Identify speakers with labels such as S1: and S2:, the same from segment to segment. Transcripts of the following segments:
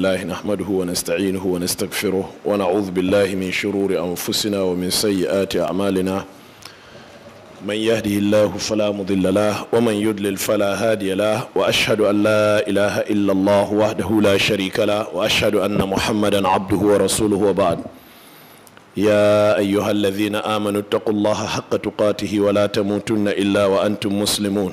S1: لله نحمده ونستعينه ونستغفره ونعوذ بالله من شرور أنفسنا ومن سيئات أعمالنا من يهده الله فلا مضل له ومن يضلل فلا هادي له وأشهد أن لا إله إلا الله وحده لا شريك له وأشهد أن محمدا عبده ورسوله وبعد يا أيها الذين آمنوا اتقوا الله حق تقاته ولا تموتن إلا وأنتم مسلمون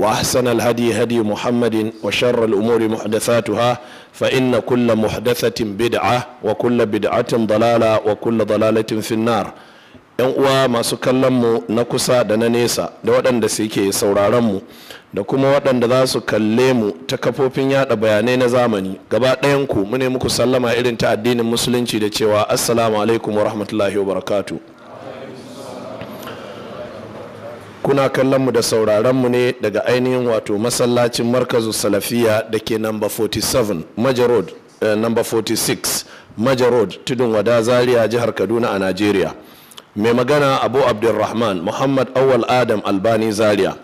S1: wa وأحسن الهدي هدي محمد وشر الأمور محدثاتها فإن كل محدثة بدعة وكل بدعة dalala wa kulla في النار yan uwa masu kallon mu na kusa da na nesa da waɗanda suke sauraron mu da kuma waɗanda za su kalle mu ta kafofin yaɗa bayanai na zamani gaba ɗayan ku mune muku sallama irin ta addinin musulunci da cewa assalamu alaikum wa rahmatullahi wa barakatuh kuna kallon mu da sauraron mu ne daga ainihin wato masallacin markazu salafiya da ke namba 47 major road eh, number namba 46 major road tudun wada zaria jihar kaduna a nigeria mai magana abu abdulrahman muhammad awal adam albani zaria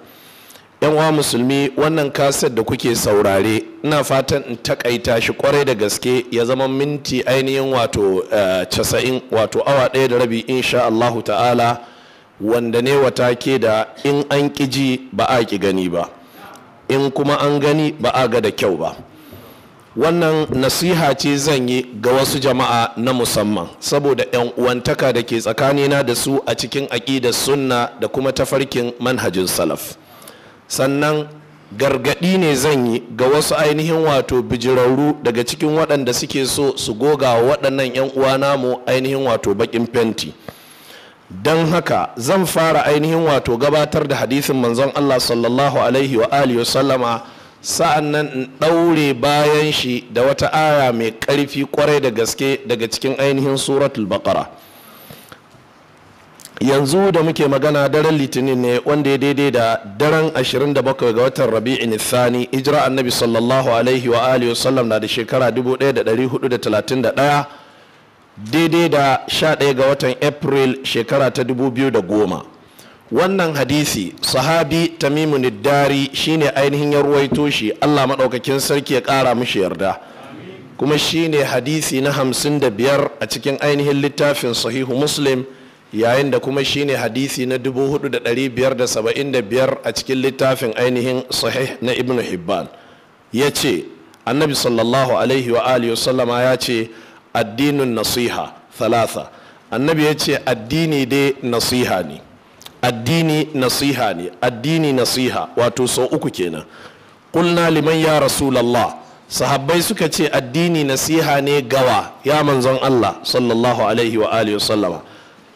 S1: yan wa musulmi wannan kaset da kuke saurare ina fatan in takaita shi kwarai da gaske ya zama minti ainihin wato eh, casa'in wato awa ɗaya da rabi insha allahu ta'ala wanda ne wata ke da in an ji ba a ki gani ba in kuma an gani ba a ga da kyau ba wannan nasiha ce zan yi ga wasu jama'a na musamman saboda 'yan uwantaka da ke tsakanina da su a cikin aƙida sunna da kuma tafarkin manhajin salaf sannan gargaɗi ne zan yi ga wasu ainihin wato bijirauru daga cikin waɗanda suke so su goga waɗannan 'yan uwa namu ainihin wato baƙin fenti. don haka zan fara ainihin wato gabatar da hadisin manzon Allah sallallahu alaihi wa alihi sallama sa'an nan in ɗaure bayan shi da wata aya mai ƙarfi ƙwarai da gaske daga cikin ainihin suratul baqara yanzu da muke magana daren litinin ne wanda ya daidai da daren 27 ga watan rabi'in Sani, ijira annabi sallallahu alaihi wa alihi na da shekara 1431 daidai da 11 ga watan april shekara ta goma. wannan hadisi sahabi tamimu niddari shine ainihin ya ruwaito shi allah maɗaukakin sarki ya ƙara mishi yarda kuma shine hadisi na 55 a cikin ainihin littafin sahihu muslim yayin da kuma shine hadisi na 4575 a cikin littafin ainihin sahih na ibn hibban ya ce annabi sallallahu alaihi wa alihi wasallama ya ce addinin nasiha thalatha annabi ya ce addini dai nasiha ne addini nasiha ne addini nasiha wato sau uku kenan kulna liman ya rasulallah sahabbai suka ce addini nasiha ne gawa ya manzon Allah sallallahu alaihi wa alihi sallama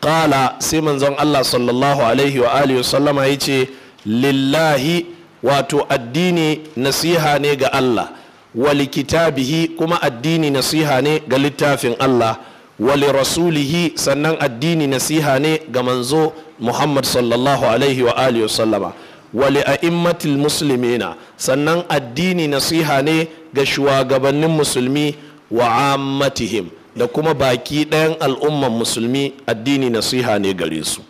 S1: qala sai manzon Allah sallallahu alaihi wa alihi sallama yace lillahi wato addini nasiha ne ga Allah wali kitabihi kuma addini nasiha ne ga littafin Allah wali rasulihi sannan addini nasiha ne ga manzo Muhammad sallallahu alaihi wa alihi sallama wali a'immatil muslimina sannan addini nasiha ne ga shugabannin musulmi wa ammatihim da kuma baki ɗayan al'umman musulmi addini nasiha ne gare su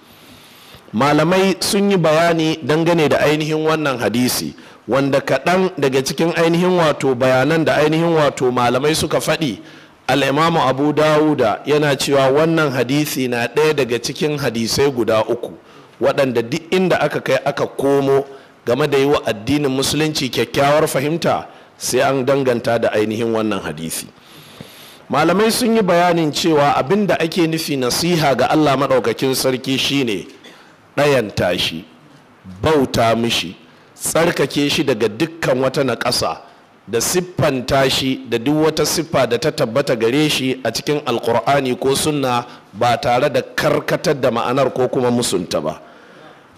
S1: malamai sun yi bayani dangane da ainihin wannan hadisi wanda kaɗan daga cikin ainihin wato bayanan da ainihin wato malamai suka faɗi al'imamu abu dawuda yana cewa wannan hadisi na ɗaya daga cikin hadisai guda uku waɗanda duk inda aka kai aka komo game da yi wa addinin musulunci kyakkyawar fahimta sai an danganta da ainihin wannan hadisi malamai sun yi bayanin cewa abin da ake nufi nasiha ga allah maɗaukakin sarki shine ɗayan tashi bauta mishi tsarkake shi daga dukkan wata naƙasa da siffanta shi da duk wata siffa da ta tabbata gare shi a cikin alkur'ani ko sunna ba tare da karkatar da ma'anar ko kuma musunta ba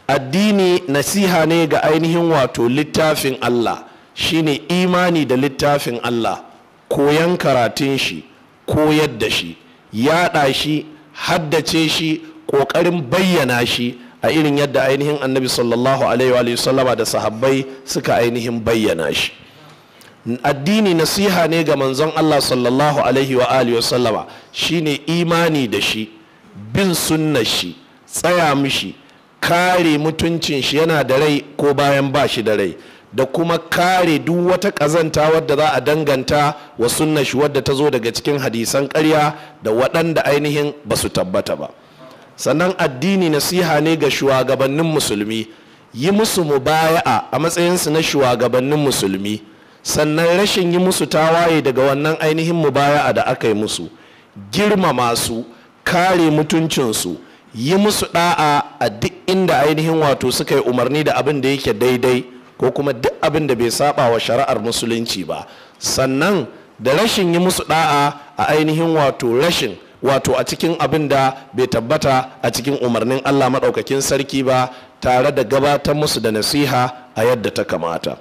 S1: addini nasiha ne ga ainihin wato littafin allah shine imani da littafin allah koyan karatun shi koyar da shi yaɗa shi haddace shi ƙoƙarin bayyana shi a irin yadda ainihin annabi sallallahu alaihi wa sallama da sahabbai suka ainihin bayyana shi addini nasiha ne ga manzon Allah sallallahu alaihi wa alihi sallama shine imani da shi bin sunnar shi tsaya mishi kare mutuncin shi yana da rai ko bayan ba shi da rai da kuma kare duk wata kazanta wadda za a danganta wa sunnar shi wadda ta zo daga cikin hadisan ƙarya da waɗanda ainihin ba su tabbata ba sannan addini nasiha ne ga shugabannin musulmi yi musu mubaya'a a matsayinsu na shugabannin musulmi sannan rashin yi musu tawaye daga wannan ainihin mubaya'a da aka yi musu girmama su kare mutuncinsu yi musu da'a a duk inda ainihin wato suka yi umarni da abin da yake daidai ko kuma duk abin da bai saba wa shari'ar musulunci ba sannan da rashin yi musu da'a a ainihin wato rashin wato a cikin abin da bai tabbata a cikin umarnin Allah maɗaukakin sarki ba tare da gabatar musu da nasiha a yadda ta kamata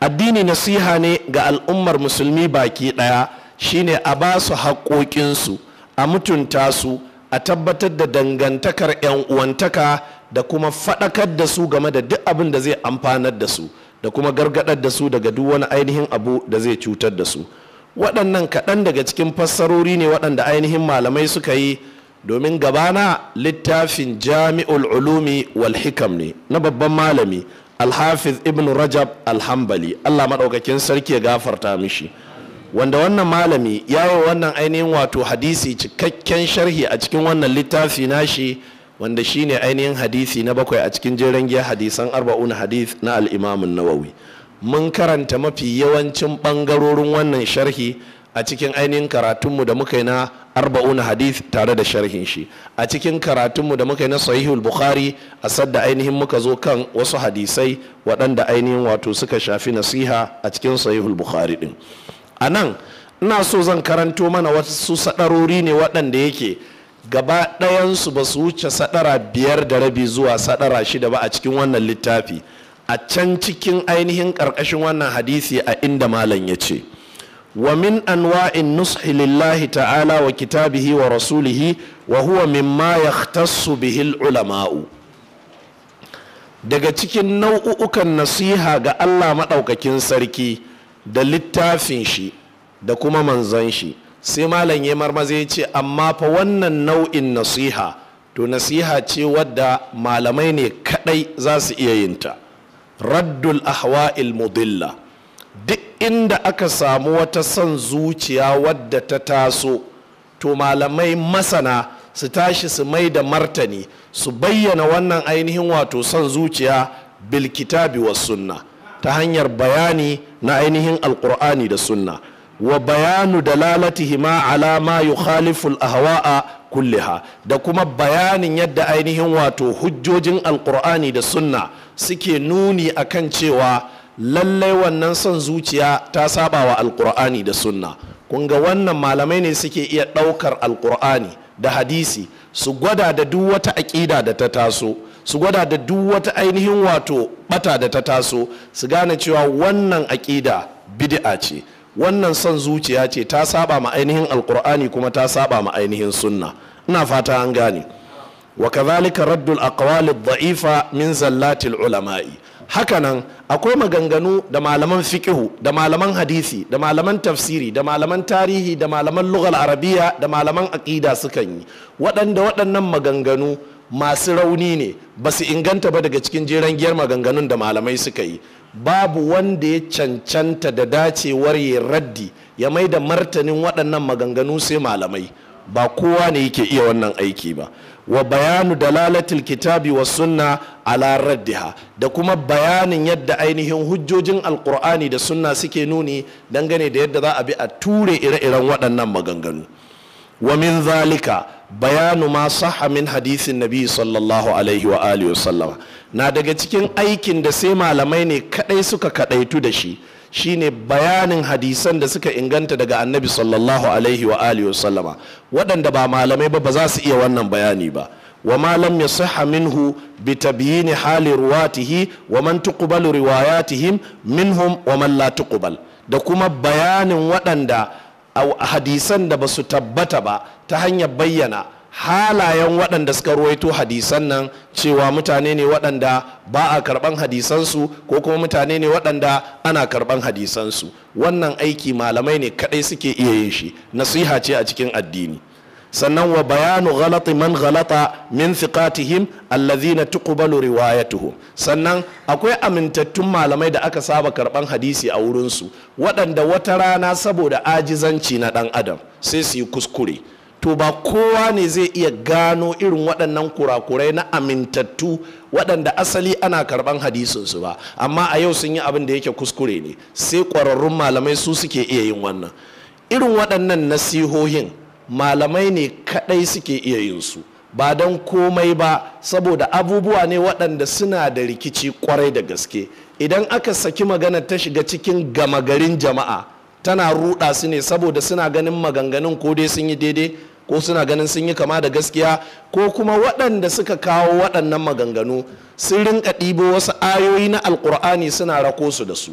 S1: addini nasiha ne ga al'ummar musulmi baki ɗaya shine a ba su haƙoƙinsu a mutunta su a tabbatar da dangantakar 'yan uwantaka da kuma faɗakar da su game da duk abin da zai amfanar da su da kuma gargaɗar da su daga duk wani ainihin abu da zai cutar da su waɗannan kaɗan daga cikin fassarori ne waɗanda ainihin malamai suka yi domin gabana littafin jami'ul ulumi wal hikam ne na babban malami alhafiz ibn rajab alhambali allah maɗaukakin sarki ya gafarta mishi wanda wannan malami ya yi wannan ainihin wato hadisi cikakken sharhi a cikin wannan littafi nashi wanda shine ainihin hadisi na bakwai a cikin jeren hadisan arba'un hadith na al'imamin nawawi mun karanta mafi yawancin ɓangarorin wannan sharhi a cikin ainihin karatunmu da muka yi na arba'un hadith tare da sharhin shi a cikin karatunmu da muka yi na sahihul bukhari a sadda ainihin muka zo kan wasu hadisai waɗanda ainihin wato suka shafi nasiha a cikin sahihul bukhari din a nan ina so zan karanto mana wasu sadarori ne waɗanda yake gaba ɗayansu ba su wuce sadara biyar da rabi zuwa sadara shida ba a cikin wannan littafi a can cikin ainihin ƙarƙashin wannan hadisi a inda malam ya ce wa min anwa'in nushi lillahi ta'ala wa kitabihi wa rasulihi wa huwa mimma yahtassu bihil ulama'u daga cikin nau'ukan nasiha ga Allah maɗaukakin sarki da littafin shi da kuma manzon shi sai malam ya marmaza ya ce amma fa wannan nau'in nasiha to nasiha ce wadda malamai ne kaɗai za su iya yinta raddul ahwa'il mudilla duk inda aka samu wata son zuciya wadda ta taso to malamai masana su tashi su mai da martani su bayyana wannan ainihin wato son zuciya bilkitabi wa sunna ta hanyar bayani na ainihin alkur'ani da sunna wa bayanu dalalatihima ala ma yukhalifu al-ahwa'a kulliha da kuma bayanin yadda ainihin wato hujjojin alkur'ani da sunna suke nuni a kan cewa lallai wannan son zuciya ta saba wa alkur'ani da sunna kun ga wannan malamai ne suke iya ɗaukar alkur'ani da hadisi su gwada da duk wata aƙida da ta taso su gwada da duk wata ainihin wato bata da ta taso su gane cewa wannan aƙida bid'a ce wannan son zuciya ce ta saba ma ainihin alkur'ani kuma ta saba ma ainihin sunna ina fata an gane wa kazalika raddul aqwali dha'ifa min zallatil ulama'i hakanan akwai maganganu da malaman fikihu da malaman hadisi da malaman tafsiri da malaman tarihi da malaman lughal arabiya da malaman aqida sukan yi waɗanda waɗannan maganganu masu rauni ne ba su inganta ba daga cikin jeren giyar maganganun da malamai suka yi babu wanda ya cancanta da dacewar ya raddi ya mai da martanin waɗannan maganganu sai malamai ba kowa ne yake iya wannan aiki ba wa bayanu dalalatil kitabi wa sunna ala raddiha da kuma bayanin yadda ainihin hujjojin alkur'ani da sunna suke nuni dangane da yadda za a bi a ture ire-iren waɗannan maganganu wa min zalika bayanu ma saha min hadisin nabi sallallahu alaihi wa alihi na daga cikin aikin da sai malamai ne kadai suka kadaitu da shi shine bayanin hadisan da suka inganta daga annabi sallallahu alaihi wa alihi wasallama waɗanda ba malamai ba ba za su iya wannan bayani ba wa malam ya sahha minhu bi tabiyini hali ruwatihi wa man tuqbalu riwayatihim minhum wa man la tuqbal da kuma bayanin waɗanda hadisan da ba su tabbata ba ta hanyar bayyana halayen waɗanda suka ruwaito hadisan nan cewa mutane ne waɗanda ba a karɓan hadisansu ko kuma mutane ne waɗanda ana karɓan hadisansu wannan aiki malamai ne kaɗai suke iya yin shi nasiha ce a cikin addini sannan wa bayanu ghalati man ghalata min thiqatihim alladhina tuqbalu riwayatuhum sannan akwai amintattun malamai da aka saba karɓan hadisi a wurin su waɗanda wata rana saboda ajizanci na ɗan adam sai su yi kuskure to ba kowa ne zai iya gano irin waɗannan kurakurai na amintattu waɗanda asali ana karɓan hadisinsu ba amma a yau sun yi abin da yake kuskure ne sai ƙwararrun malamai su suke iya yin wannan irin waɗannan nasihohin malamai ne kaɗai suke iya yin su ba don komai ba saboda abubuwa ne waɗanda suna da rikici kwarai da gaske idan aka saki magana ta shiga cikin gama garin jama'a tana ruɗa su ne saboda suna ganin maganganun ko dai sun yi daidai ko suna ganin sun yi kama da gaskiya ko kuma waɗanda suka kawo waɗannan maganganu sun rinka ɗibo wasu ayoyi na alkur'ani suna rako su da su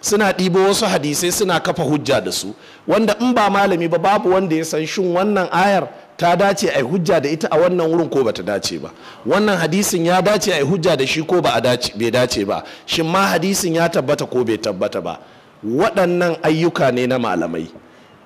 S1: suna ɗibo wasu hadisai suna kafa hujja da su wanda in ba malami ba babu wanda ya san shin wannan ayar ta dace a hujja da ita a wannan wurin ko ba ta dace ba wannan hadisin ya dace a hujja da shi ko ba bai dace ba shin ma hadisin ya tabbata ko bai tabbata ba waɗannan ayyuka ne na malamai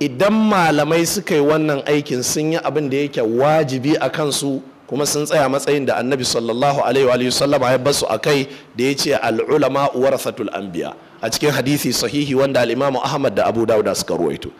S1: idan malamai suka yi wannan aikin sun yi abin da yake wajibi a kansu kuma sun tsaya matsayin da annabi sallallahu alaihi wa sallam ya basu a kai da ya ce al'ulama warasatul anbiya a cikin hadisi sahihi wanda al'imamu ahmad da abu dawuda suka ruwaito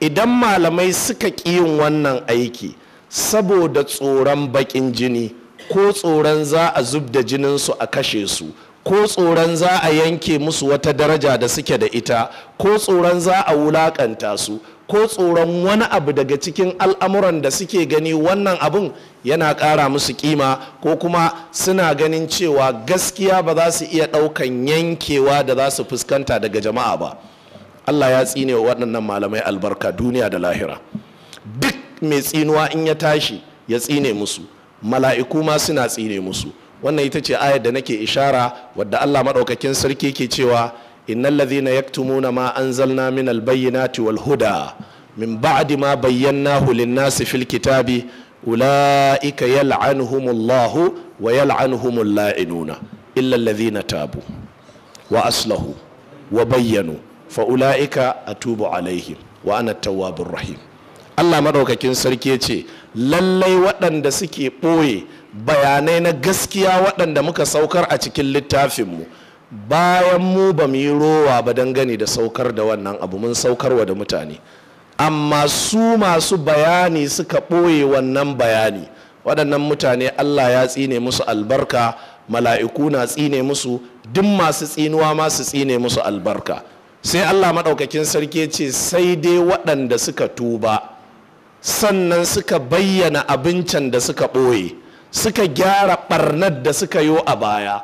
S1: idan malamai suka ki yin wannan aiki saboda tsoron baƙin jini ko tsoron za a zub da jininsu a kashe su ko tsoron za a yanke musu wata daraja da suke da ita ko tsoron za a wulakanta su ko tsoron wani abu daga cikin al'amuran da suke gani wannan abun yana ƙara musu kima ko kuma suna ganin cewa gaskiya ba za su iya ɗaukan yankewa da za su fuskanta daga jama'a ba allah ya tsine wa waɗannan malamai albarka duniya da lahira duk mai tsinuwa in ya tashi ya tsine musu mala'iku ma suna tsine musu wannan ita ce ayar da nake ishara wadda Allah maɗaukakin sarki ke cewa innal ladhina yaktumuna ma anzalna min albayyinati wal huda min ba'di ma bayyanahu lin-nasi fil kitabi ulaika yal'anuhumullahu wa yal'anuhumul la'inuna illa alladhina tabu wa aslahu wa bayyanu fa ulaika atubu alaihim wa ana tawwabur rahim Allah maɗaukakin sarki ya ce lallai waɗanda suke ɓoye bayanai na gaskiya waɗanda muka saukar a cikin littafinmu bayan mu ba mu yi rowa ba gani da saukar da wannan abu mun wa da mutane amma su masu bayani suka ɓoye wannan bayani waɗannan mutane allah ya tsine musu albarka mala'iku na tsine musu duk masu tsinuwa ma su tsine musu albarka sai allah maɗaukakin sarki ce sai dai waɗanda suka tuba sannan suka bayyana abincin da suka ɓoye suka gyara barnar da suka yi a baya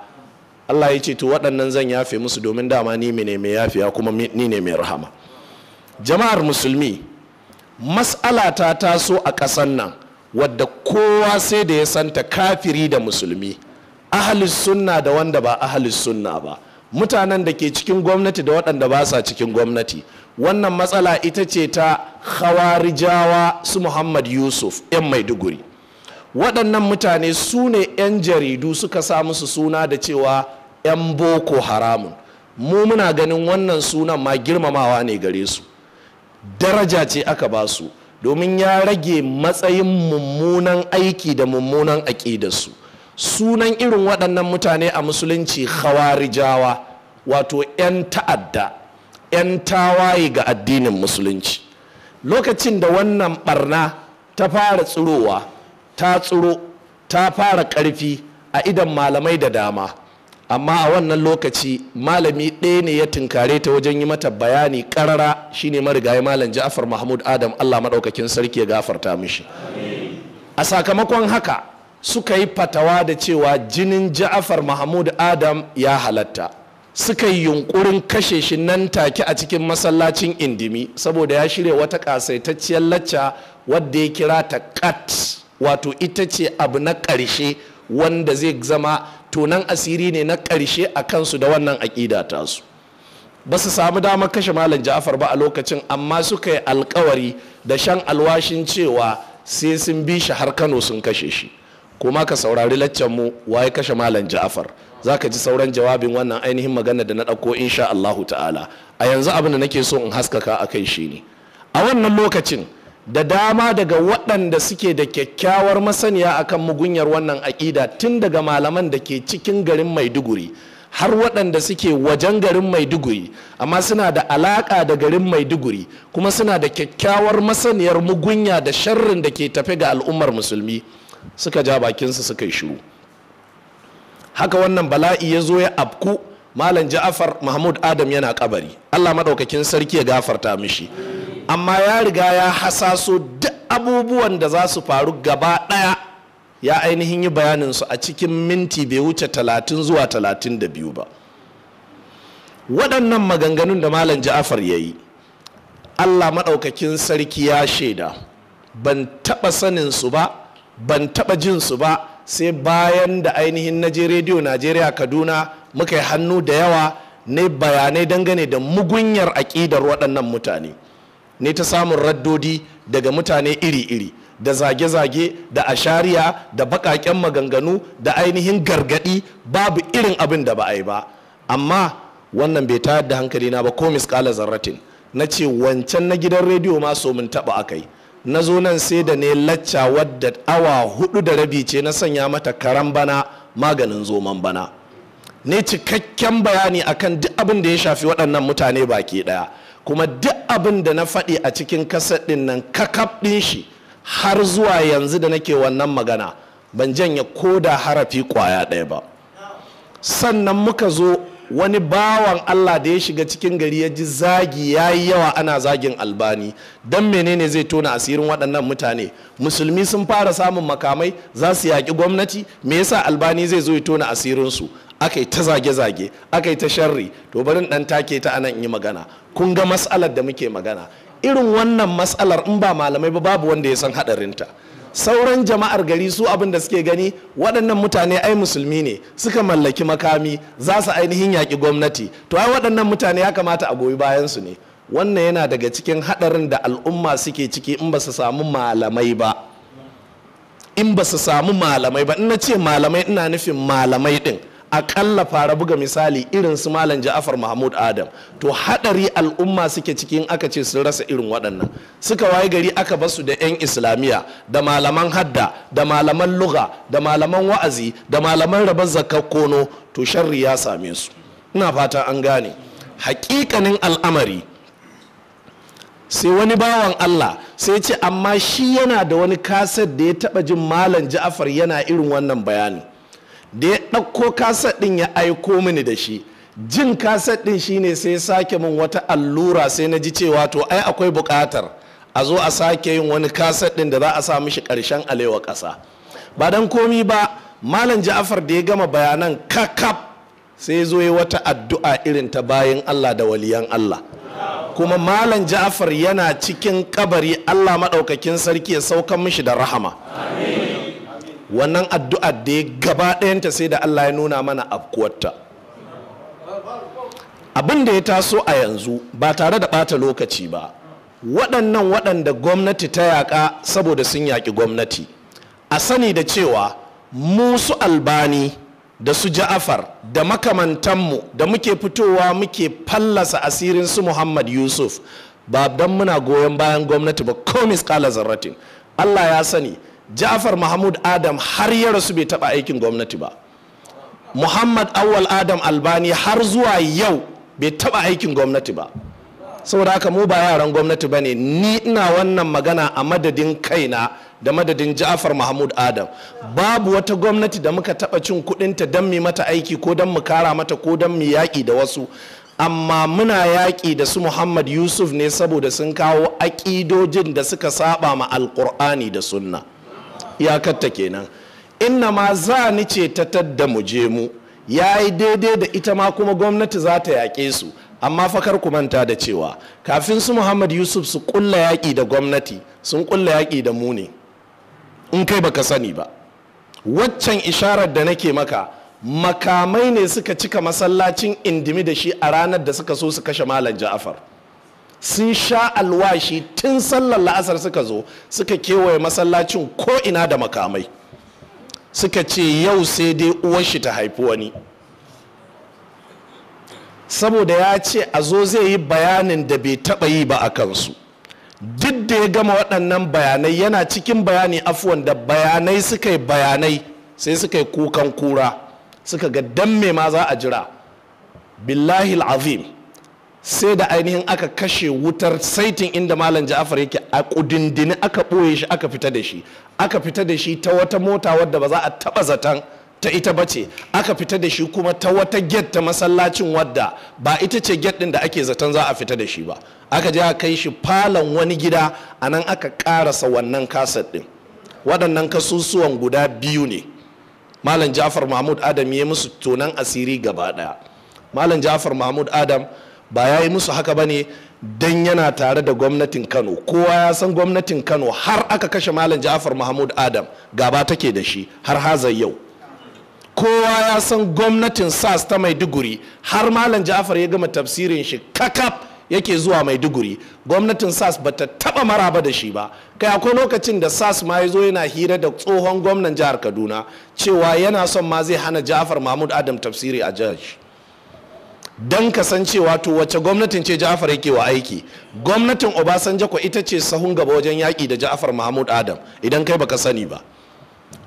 S1: Allah ya ce to waɗannan zan yafe musu domin dama ni ne mai yafiya kuma ni ne mai rahama jama'ar musulmi mas'ala ta taso a ƙasan nan wadda kowa sai da ya santa kafiri da musulmi ahalis sunna da wanda ba ahalis sunna ba mutanen da ke cikin gwamnati da waɗanda ba sa cikin gwamnati wannan matsala ita ce ta khawarijawa su muhammad yusuf 'yan maiduguri waɗannan mutane su ne 'yan jaridu suka sa musu suna da cewa 'yan boko haramun mu muna ganin wannan sunan ma girmamawa ne gare su daraja ce aka ba su domin ya rage matsayin mummunan aiki da mummunan aƙidarsu sunan irin waɗannan mutane a musulunci khawarijawa wato 'yan ta'adda 'yan tawaye ga addinin musulunci lokacin da wannan ɓarna ta fara tsirowa ta tsiro ta fara ƙarfi a idan malamai da dama amma a wannan lokaci malami ɗaya ne ya tunkare ta wajen yi mata bayani ƙarara shine marigayi malam ja'far mahmud adam allah maɗaukakin sarki ya gafarta mishi a sakamakon haka suka yi fatawa da cewa jinin ja'far mahmud adam ya halatta suka yi yunkurin kashe shi nan take a cikin masallacin indimi saboda ya shirya wata ƙasaitacciyar lacca wadda ya kira ta kat wato ita ce abu na ƙarshe wanda zai zama tunan asiri ne na ƙarshe a kansu da wannan aƙida su. ba su samu damar kashe malam ja'afar ba a lokacin amma suka yi alkawari da shan alwashin cewa sai sun bi shi har kano sun kashe shi kuma ka saurari laccan mu ya kashe malam ja'afar za ka ji sauran jawabin wannan ainihin magana da na ɗauko insha Allahu ta'ala a yanzu abin da nake so in haskaka a kai shi ne a wannan lokacin da dama daga waɗanda suke da kyakkyawar masaniya akan mugunyar wannan aƙida tun daga malaman da ke cikin garin maiduguri har waɗanda suke wajen garin maiduguri amma suna da alaƙa da garin maiduguri kuma suna da kyakkyawar masaniyar mugunya da sharrin da ke tafe ga al'ummar musulmi suka ja bakinsu suka yi shiru haka wannan bala'i ya zo ya afku malam ja'afar mahmud adam yana kabari allah maɗaukakin sarki ya gafarta mishi amma ya riga ya hasaso duk abubuwan da za su faru gaba ɗaya ya ainihin yi bayaninsu a cikin minti bai wuce talatin zuwa talatin da biyu ba waɗannan maganganun da malam ja'afar ya yi allah maɗaukakin sarki ya shaida ban taɓa sanin su ba ban taɓa jin su ba sai bayan da ainihin naje rediyo najeriya kaduna muka yi hannu da yawa ne bayanai dangane da mugunyar aƙidar waɗannan mutane ne ta samun raddodi daga mutane iri-iri da zage-zage da ashariya da baƙaƙen maganganu da ainihin gargaɗi babu irin abin da ba a yi ba amma wannan bai tayar da hankali na ba ko miskala zarratin na ce wancan na gidan rediyo ma so mun taɓa aka yi na zo nan sai da ne lacca wadda awa hudu da rabi ce na sanya mata karan bana maganin zoman bana ne cikakken bayani akan duk abin da ya shafi waɗannan mutane baki ɗaya kuma duk abin da na faɗi a cikin kasar ɗin nan kakaf ɗin shi har zuwa yanzu da nake wannan magana ban janye ko da harafi kwaya ɗaya ba sannan muka zo wani bawan Allah da ya shiga cikin gari ya ji zagi ya yi yawa ana zagin albani don menene zai tona asirin waɗannan mutane musulmi sun fara samun makamai za su yaƙi gwamnati me yasa albani zai zo ya tona asirinsu aka yi ta zage-zage aka yi ta sharri to barin dan take ta anan yi magana kun ga matsalar da muke magana irin wannan matsalar in ba malamai ba babu wanda ya san hadarinta sauran jama'ar gari su abin da suke gani waɗannan mutane ai musulmi ne suka mallaki makami za su ainihin yaƙi gwamnati to ai waɗannan mutane ya kamata a goyi bayan su ne wannan yana daga cikin haɗarin da al'umma suke ciki in ba su samu malamai ba in ba su samu malamai ba in na ce malamai ina nufin malamai ɗin aƙalla fara buga misali irin su malam ja'afar mahmud adam to haɗari al'umma suke cikin aka ce sun rasa irin waɗannan suka waye gari aka basu da 'yan islamiyya da malaman hadda da malaman luga da malaman wa'azi da malaman rabar zakar kono to sharri ya same su ina fata an gane hakikanin al'amari sai wani bawan Allah sai ce amma shi yana da wani kaset da ya taba jin malam ja'afar yana irin wannan bayani da ya ɗauko kaset ɗin ya aiko mini da shi jin kaset ɗin ne sai sake min wata allura sai na ji cewa to ai akwai buƙatar a zo a sake yin wani kaset ɗin da za a sa mishi ƙarshen alewa ƙasa ba don komi ba malam ja'afar da ya gama bayanan kakaf sai zo ya wata addu'a irin ta bayan allah da waliyan allah kuma malam ja'afar yana cikin kabari allah maɗaukakin sarki ya saukan mishi da rahama wannan addu'ar da ya gaba ɗayanta sai da Allah ya nuna mana afkuwarta abin da ya taso a yanzu ba tare da ɓata lokaci ba waɗannan waɗanda gwamnati ta yaƙa saboda sun yaƙi gwamnati a sani da cewa mu su albani da su ja'afar da makamantanmu da muke fitowa muke fallasa asirin su muhammad yusuf ba don muna goyon bayan gwamnati ba komis kala zarratin allah ya sani ja'far mahmud adam har ya rasu bai taɓa aikin gwamnati ba muhammad awwal adam albani har zuwa yau bai taɓa aikin gwamnati ba saboda haka mu ba yaran gwamnati ba ne ni ina wannan magana a madadin kaina da madadin ja'far mahmud adam babu wata gwamnati da muka taɓa cin ta don mu mata aiki ko don mu kara mata ko don mu yaƙi da wasu amma muna yaƙi da su muhammad yusuf ne saboda sun kawo aƙidojin da suka saba ma alƙur'ani da sunna iyakarta kenan inna ma za ni ce ta tadda mu je mu ya yi daidai da ita ma kuma gwamnati za ta yaƙe su amma fakar ku manta da cewa kafin su muhammad yusuf su kulla yaƙi da gwamnati sun kulla yaƙi da mu ne in kai baka sani ba waccan isharar da nake maka makamai ne suka cika masallacin indimi da shi a ranar da suka so su kashe malam ja'afar sun sha alwashi tun sallar la'asar suka zo suka kewaye masallacin ko ina da makamai suka ce yau sai dai shi ta haifi wani saboda ya ce a zo zai yi bayanin da bai taba yi ba a kansu duk da ya gama waɗannan bayanai yana cikin bayani afuwan da bayanai suka yi bayanai sai suka yi kukan kura suka ga dan ma za a jira billahi azim sai da ainihin aka kashe wutar saitin inda malam ja'afar yake a kudindini aka ɓoye shi aka fita da shi aka fita da shi ta wata mota wadda ba za a taba zaton ta ita ba ce, aka fita da shi kuma ta wata get ta masallacin wadda ba ita ce get din da ake zaton za a fita da shi ba aka je aka kai shi falon wani gida a nan aka karasa wannan kaset din waɗannan kasusuwan guda biyu ne malam ja'far mahmud adam ya musu tonan asiri gaba ɗaya malam ja'far mahmud adam ba ya yi musu haka ba ne don yana tare da gwamnatin kano kowa ya san gwamnatin kano har aka kashe malam ja'afar mahmud adam gaba take da shi har haza yau kowa ya san gwamnatin sas ta maiduguri har malam ja'afar ya gama tafsirin shi kakaf yake zuwa maiduguri gwamnatin sas ba ta taba maraba da shi ba kai akwai lokacin da sas ma ya zo yana hira da tsohon gwamnan jihar kaduna cewa yana son ma zai hana ja'afar mahmud adam tafsiri a jihar don kasancewa to wacce gwamnatin ce ja'afar yake wa aiki gwamnatin obasanjo ko ita ce sahun gaba wajen yaƙi da ja'afar mahmud adam idan kai baka sani ba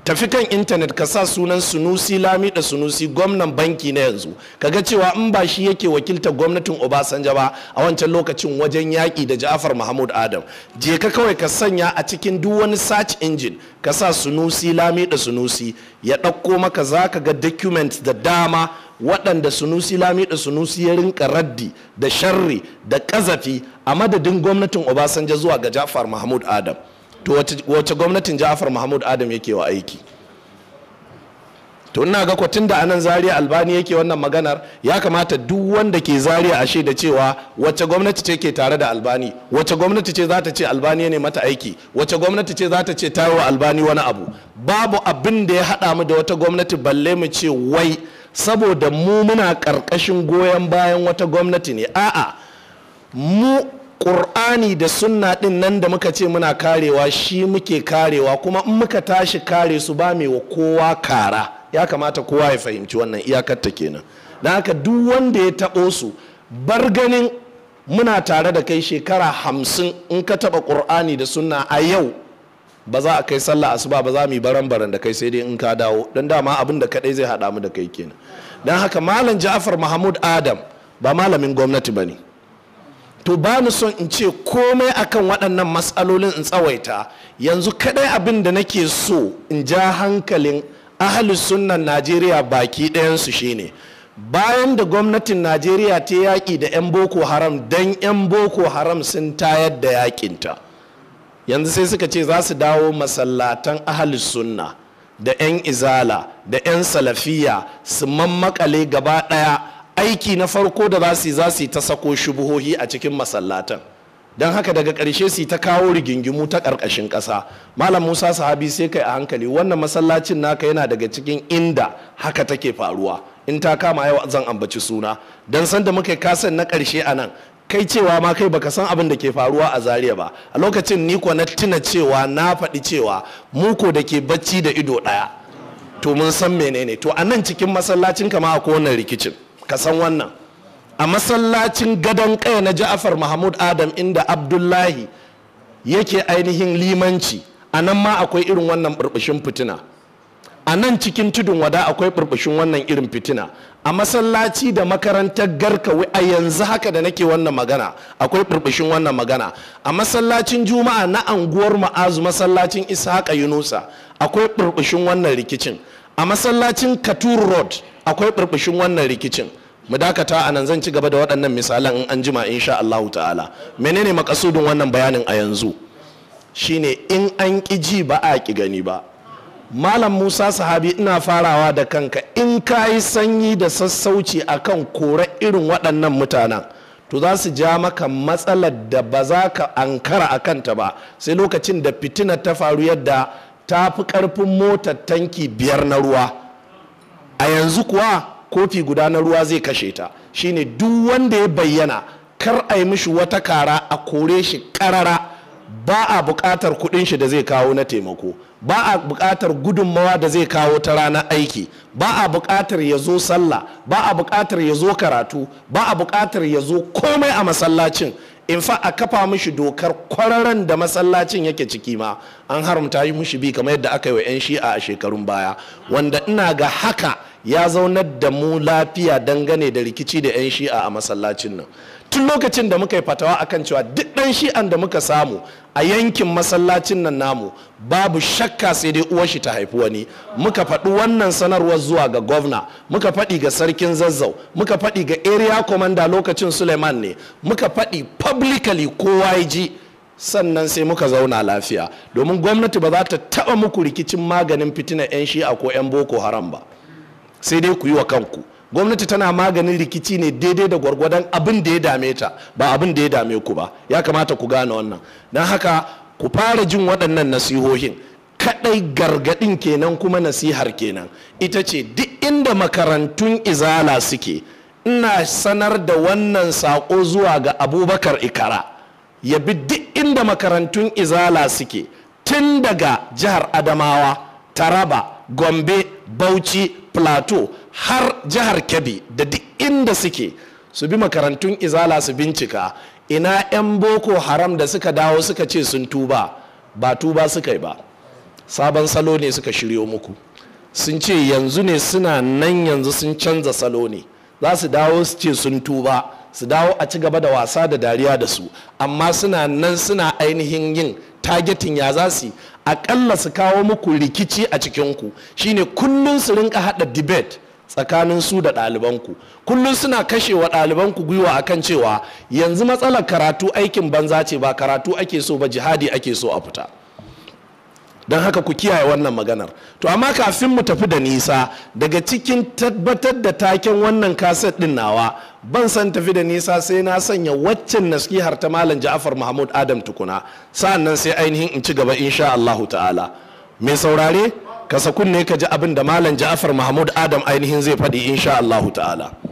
S1: tafi kan intanet ka sa sunan sunusi lami da sunusi gwamnan banki na yanzu ka ga cewa in ba shi yake wakiltar gwamnatin obasanjo ba a wancan lokacin wajen yaƙi da ja'afar mahmud adam je ka kawai ka sanya a cikin duk wani search engine ka sa sunusi lami da sunusi ya ɗauko maka za ka ga document da dama waɗanda sunusi lamiɗa sunusi ya rinka raddi da sharri da kazafi a madadin gwamnatin obasanjo zuwa ga jafar mahmud adam to wace gwamnatin jafar mahmud adam yake wa aiki to ina ga kwatin da anan zaria albani yake wannan maganar ya kamata duk wanda ke Zariya ashe da cewa wace gwamnati ce ke tare da albani wace gwamnati ce za ta ce albani ne mata aiki wacce gwamnati ce za ta ce tayo albani wani abu babu abin da ya haɗa mu da wata gwamnati balle mu ce wai saboda mu muna ƙarƙashin goyon bayan wata gwamnati ne a'a mu ƙur'ani da sunna ɗin nan da muka ce muna karewa shi muke karewa kuma in muka tashi kare su ba mai wa kowa kara ya kamata kowa ya fahimci wannan iyakar ta kenan don haka duk wanda ya taɓo su bar ganin muna tare da kai shekara hamsin in ka taɓa ƙur'ani da sunna a yau ba za a kai sallah asuba ba za mu yi baran baran da kai sai dai in ka dawo don dama abin da kadai zai haɗa mu da kai kenan don haka malam ja'far mahmud adam ba malamin gwamnati ba ne to ba ni son in ce komai akan waɗannan matsalolin in tsawaita yanzu kaɗai abin da nake so in ja hankalin ahli sunnan najeriya baki ɗayan su shine bayan da gwamnatin najeriya ta yaƙi da 'yan boko haram don 'yan boko haram sun tayar da yaƙinta yanzu sai suka ce za su dawo masallatan ahalus sunna da 'yan izala da 'yan salafiya su mammakale gaba ɗaya aiki na farko da za su yi ta sako shubuhohi a cikin masallatan don haka daga ƙarshe su ta kawo rigingimu ta ƙarƙashin ƙasa malam musa sahabi sai kai a hankali wannan masallacin naka yana daga cikin inda haka take faruwa in ta kama yau zan ambaci suna don san da muka kasan na ƙarshe a nan kai cewa ma kai baka san abin da ke faruwa a zaria ba a lokacin ni na tuna cewa na faɗi cewa muko da ke bacci da ido ɗaya to mun san menene to a nan cikin masallacin kama akwai wannan rikicin ka san wannan a masallacin gadon ƙaya na ja'afar mahmud adam inda abdullahi yake ainihin limanci a nan ma akwai irin wannan burbushin fitina a nan cikin tudun wada akwai burbushin wannan irin fitina a masallaci da makarantar garkawi a yanzu haka da nake wannan magana akwai burbushin wannan magana a masallacin juma'a na anguwar ma'azu masallacin ishaqa yunusa akwai burbushin wannan rikicin a masallacin katur road akwai burbushin wannan rikicin mu dakata a nan zan ci gaba da waɗannan misalan in an jima insha Allah ta'ala menene makasudin wannan bayanin a yanzu shine in an ƙi ji ba a ƙi gani ba malam musa sahabi ina farawa da kanka in ka yi sanyi da sassauci akan kore irin waɗannan mutanen to za su ja maka matsalar da ba za ka ankara a kanta ba sai lokacin da fitina ta faru yadda ta fi ƙarfin motar tanki biyar na ruwa a yanzu kuwa kofi guda na ruwa zai kashe ta shine duk wanda ya bayyana kar a yi mishi wata kara a kore shi karara ba a buƙatar kuɗin shi da zai kawo na taimako ba a buƙatar gudunmawa da zai kawo ta ranar aiki ba a buƙatar ya zo sallah ba a buƙatar ya zo karatu ba a buƙatar ya zo komai a masallacin in fa a kafa mishi dokar kwararren da masallacin yake ciki ma an haramta yi mishi bi kamar yadda aka yi wa 'yan shi'a a shekarun baya wanda ina ga haka ya zaunar da mu lafiya dangane da rikici da 'yan shi'a a masallacin nan tun lokacin da muka yi fatawa akan cewa duk dan shi'an da muka samu a yankin masallacin nan namu babu shakka sai dai uwar shi ta haifi wani muka faɗi wannan sanarwar zuwa ga gwamna muka faɗi ga sarkin zazzau muka faɗi ga area commander lokacin suleiman ne muka faɗi publicly kowa ya ji sannan sai muka zauna lafiya domin gwamnati ba za ta taɓa muku rikicin maganin fitina 'yan shi'a ko 'yan boko haram ba sai dai ku yi wa kanku gwamnati tana maganin rikici ne daidai da gwargwadon abin da ya dame ta ba abin da ya dame ku ba ya kamata ku gane wannan don haka ku fara jin waɗannan nasihohin kaɗai gargaɗin kenan kuma nasihar kenan ita ce duk inda makarantun izala suke ina sanar da wannan saƙo zuwa ga abubakar ikara ya bi duk inda makarantun izala suke tun daga jihar adamawa taraba gombe bauchi plateau har jihar kebbi da duk inda suke su bi makarantun izala su bincika ina 'yan boko haram da suka dawo suka ce sun tuba ba tuba suka yi ba sabon salo ne suka shiryo muku sun ce yanzu ne suna nan yanzu sun canza salo ne za su dawo su ce sun tuba su dawo a ci gaba da wasa da dariya da su amma suna nan suna ainihin yin targetin ya za su akalla su kawo muku rikici a cikinku shine kullum su rinka haɗa debate tsakanin su da ɗalibanku kullum suna kashe kashewa ɗalibanku gwiwa akan cewa yanzu matsalar karatu aikin banza ce ba karatu ake so ba jihadi ake so a fita don haka ku kiyaye wannan maganar to amma kafin mu tafi da nisa daga cikin tabbatar da taken wannan kaset din nawa ban san tafi da nisa sai na sanya waccan nasihar ta malam ja'afar mahmud adam tukuna sa'an nan sai ainihin in ci gaba insha allahu ta'ala mai saurare ka sakunne ka ji abin da malam ja'afar mahmud adam ainihin zai faɗi insha allahu ta'ala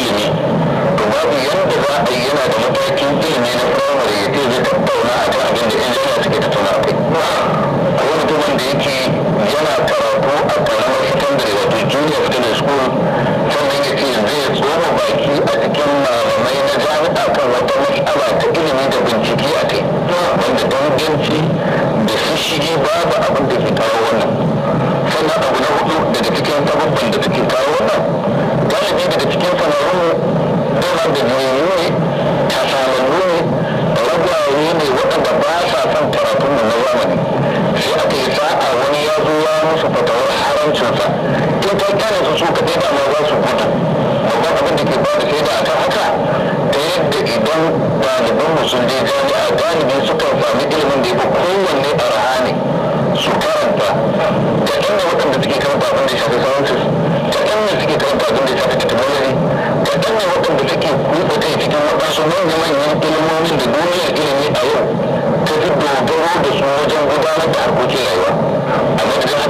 S2: ilimi to babu yadda za a yi yana da matakin ilimi na firamare ya ce zai tattauna a kan abin da yan jami'a suke tattauna a kai a wani mutumin da yake yana karatu a karamar secondary wato junior secondary school sannan ya ce zai tsoma baki a cikin malamai na jami'a kan wata matsala ta ilimi da bincike a kai wanda danganci da shishigi babu abin da ke kawo wannan gajeru ne kasalannu ne ragwaye ne waɗanda ba sa son karatun na zamani musu fatawar haramcinsa in ta kyara su su kaɗai ba ma za su gudu amma abin da ke ba da shaida a kan haka ta yadda idan ɗaliban sun je a galibi sukan sami ilimin da ya fi kowanne arha ne su karanta da inda waɗanda suke karanta abin da ya shafi sciences da inda suke karanta abin da ya shafi technology da inda waɗanda suke kuɗa kai cikin waɗansu manya-manyan ilimomin da duniya ilimi a yau ta fi dogaro da su wajen gudanar da harkokin rayuwa a madadin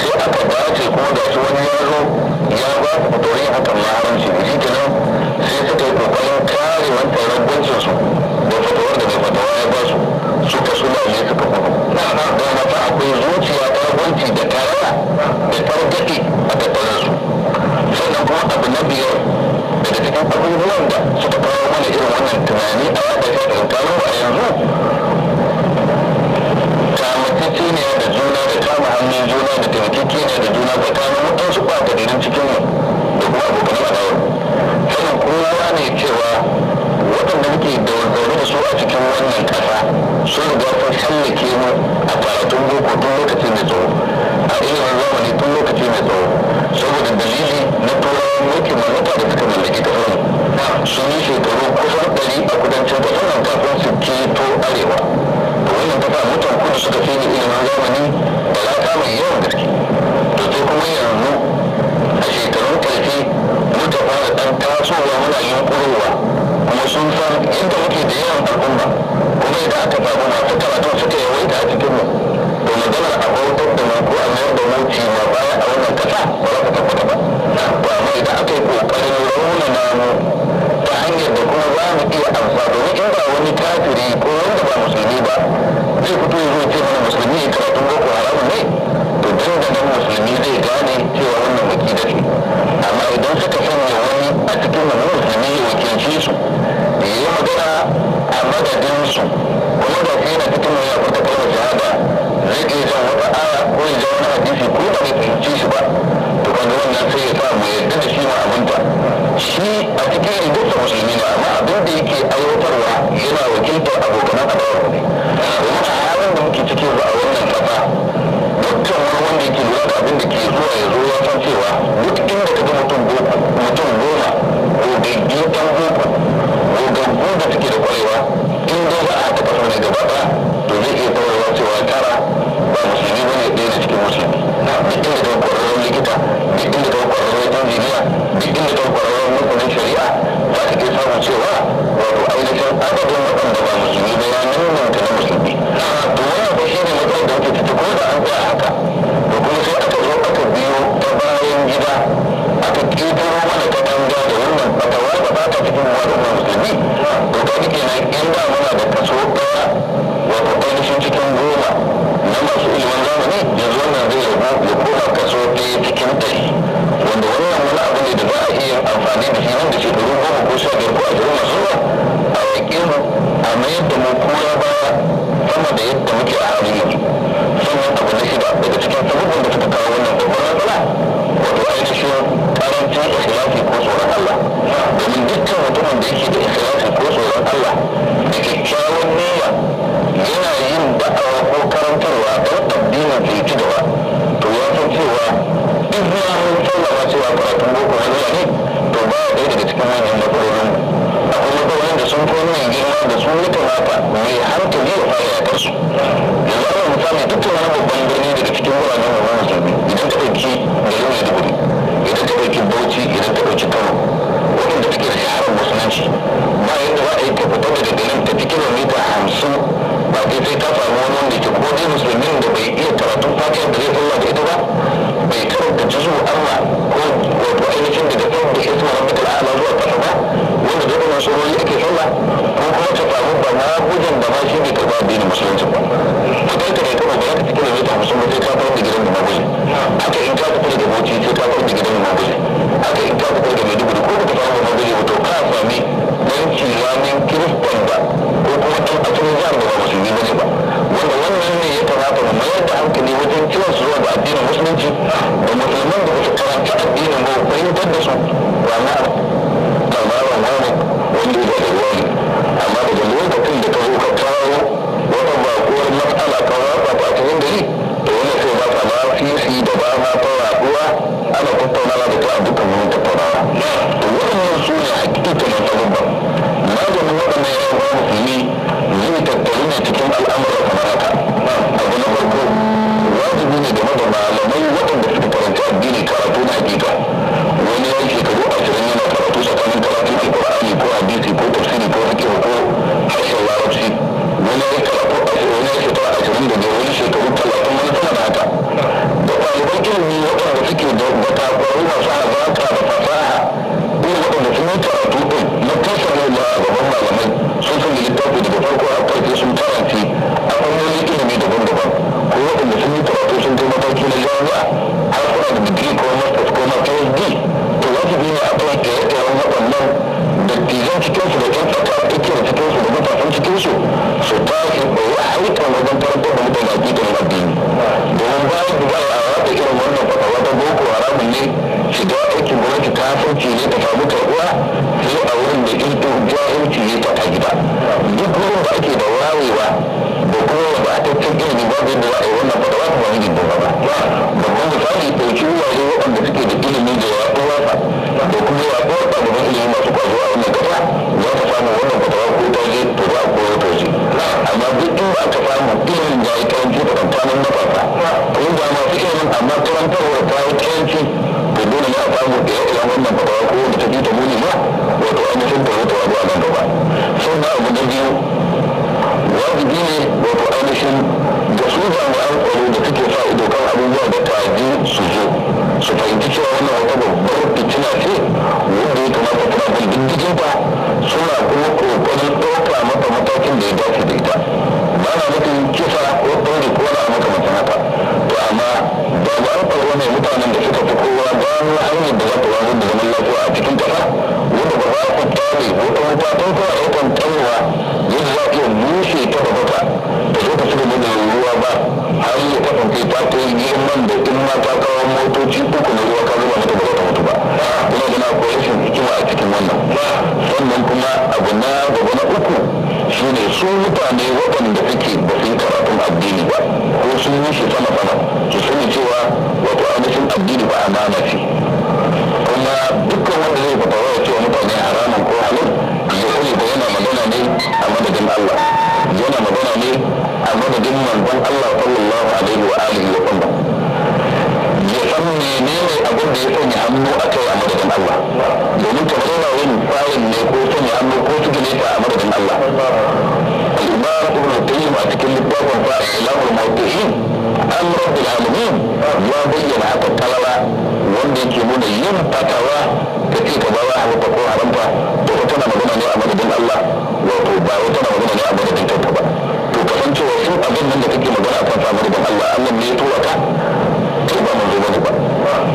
S2: sai aka dace ko da shi wani ya zo ya ba ku dore hakan ya haramci da shi kenan sai suka yi kokarin kare wancan rangwancin su da fatawar da mai fatawa ya ba su suka suna ne suka kudu da mata akwai zuciya ta rangwanci da tarara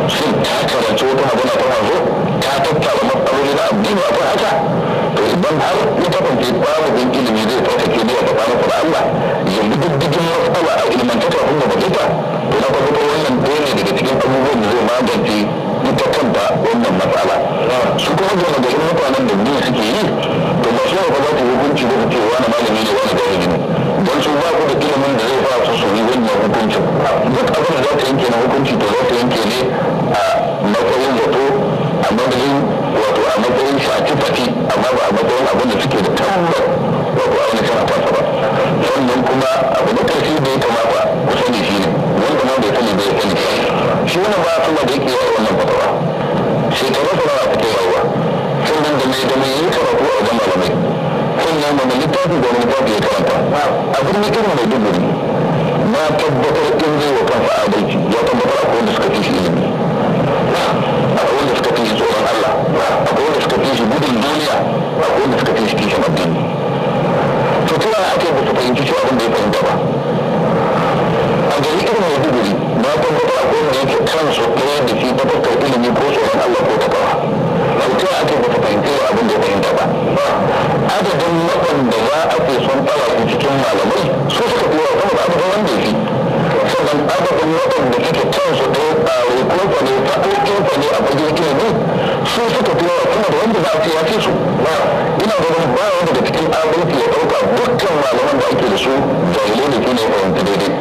S2: shin ta karanci wata magana ta mazo ta tattara matsaloli na addini akwai haka to idan har ya kasance babu din ilimi zai tsarkake ne a tsakanin da Allah yanzu diddigin matsala a ilmantarwa kuma ba zai to na farko wannan ɗaya ne daga cikin abubuwan da zai magance ita kanta wannan matsala su kuma gama garin mutanen da biyu suke yi to ba su ba za ta hukunci da cewa na malami ne wani gawari ne don su ba ku da ilimin da zai ba su su yi wannan hukuncin duk abin da za ta yanke na hukunci to za ta yanke ne a matsayin zato a matsayin wato a matsayin shafi-fati amma ba a matsayin abin da suke da tabbar wato a wani sana ba sannan kuma abu da ƙarfi da ya kamata ku sani shi ne wanda ma bai sani bai sani shi wannan ba su ma da yake yawa wannan fatawa shekaru ma mana littafi da wani babu ya karanta a birnin irin mai duburi na tabbatar in zai wa kansa adalci ya tabbatar akwai wanda suka fi shi ilimi akwai wanda suka fi shi tsoron Allah akwai wanda suka fi shi gudun duniya akwai wanda suka fi shi kishin addini to tana a kai ba fahimci cewa abin da ya fahimta ba a gari irin mai duburi na tabbatar akwai wanda yake kansu ɗaya da shi tabbatar ilimi ko tsoron Allah ko tabawa. Mutum ake ba fahimci abin da ya fahimta ba. Adadin waɗanda za a ke son tsawaku cikin malamai su suka kowa kuma da abin wanda ya fi sannan adadin waɗanda suke kansu ɗaya ɓare ko tsane ta aikin a fagen ilimi su suka kowa kuma da wanda za a ce ya fi su ina ganin ba wanda da cikin adalci ya ɗauka dukkan malaman da ake da su jahilai da ke ne fahimta daidai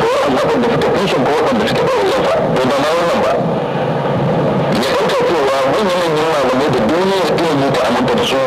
S2: ko waɗanda waɗanda suka fi shi ko waɗanda suka ɓare yansa ko ba ma wannan ba ya ɗauka cewa manyan manyan malamai da duniyar ilimi ta aminta da su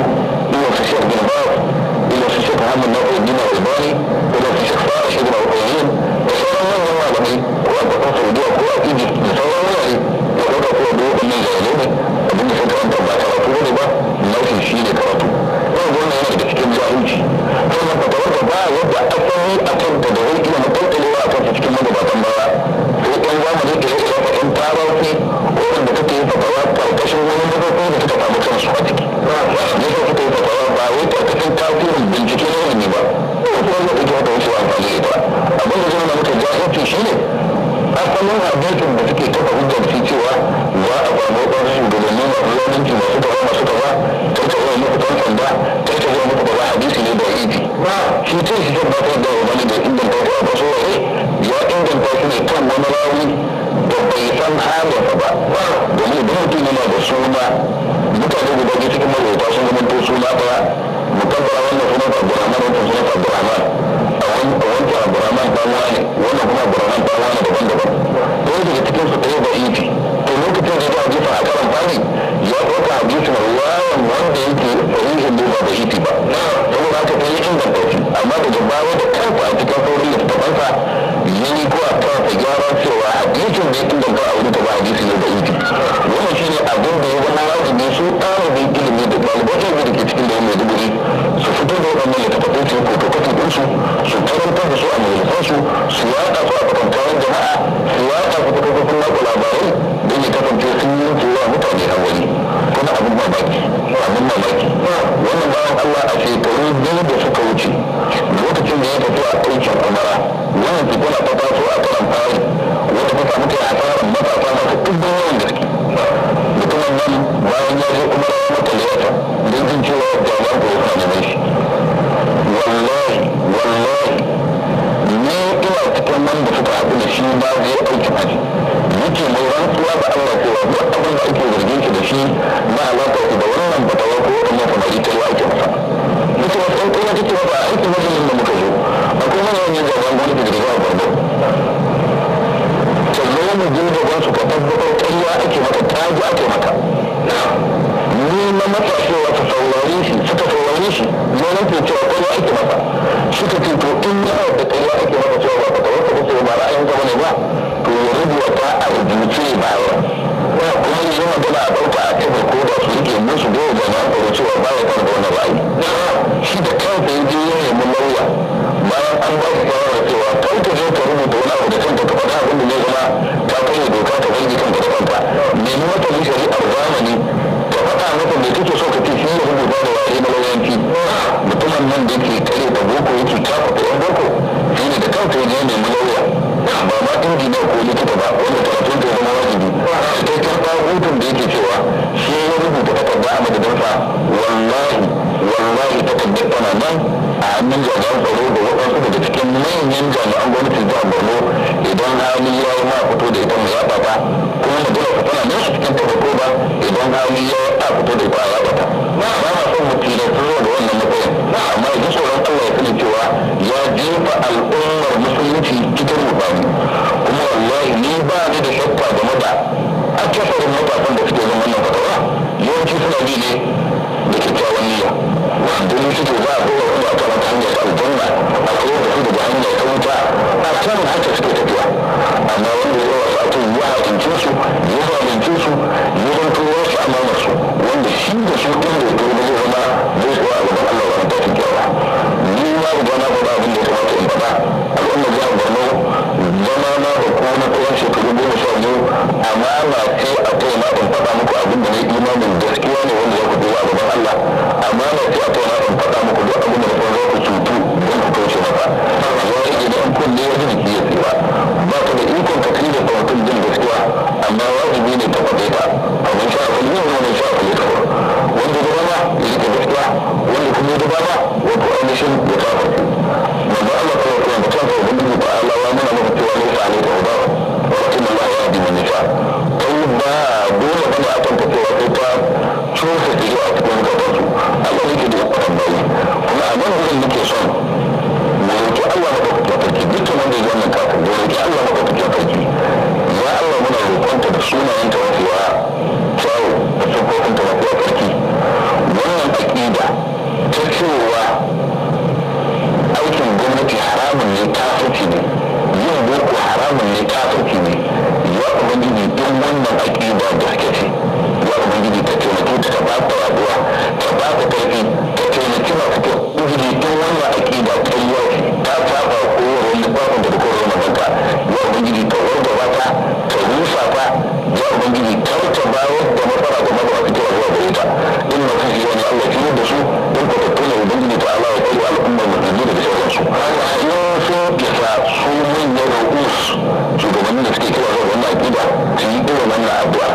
S2: su yi irin wannan addu'a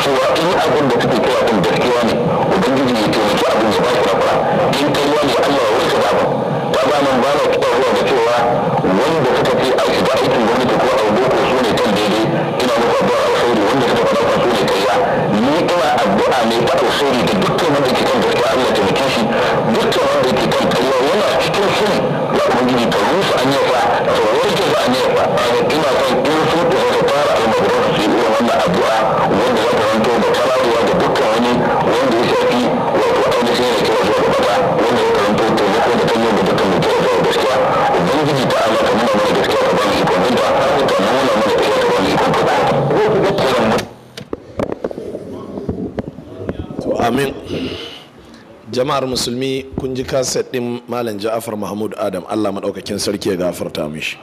S2: cewa in abin da kake kira kun gaskiya ne ubangiji ya taimaki abin
S1: da ba ku rafa in kaiwa ne Allah ya wuce ba ba ba nan ba na kuka zuwa da cewa wanda suka ce a shiga aikin gwamnati ko a boko su ne kan daidai ina muku addu'a alkhairi wanda suka faɗa su ne kaiya ni ina addu'a ne ta alkhairi da dukkan wanda ke kan gaskiya Allah ta jama'ar musulmi kun ji kaset din malam ja'afar mahmud adam allah maɗaukakin sarki ya gafarta mishi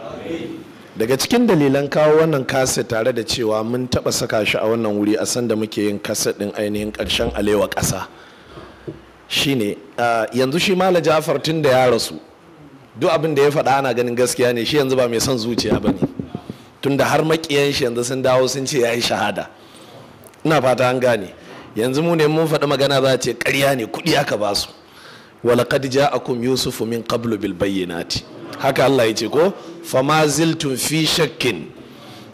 S1: daga cikin dalilan kawo wannan kaset tare da cewa mun taɓa saka shi a wannan wuri a sanda muke yin kaset din ainihin ƙarshen alewa ƙasa shine yanzu shi malam ja'afar tun da ya rasu duk abin da ya faɗa ana ganin gaskiya ne shi yanzu ba mai son zuciya ba ne tun da har maƙiyan shi yanzu sun dawo sun ce ya yi shahada ina fata an gane yanzu mu ne mun faɗi magana za a ce ƙarya ne kuɗi aka ba su a ja'akum yusufu min qablu bil bayyinati haka Allah ya ce ko fama ziltum fi shakkin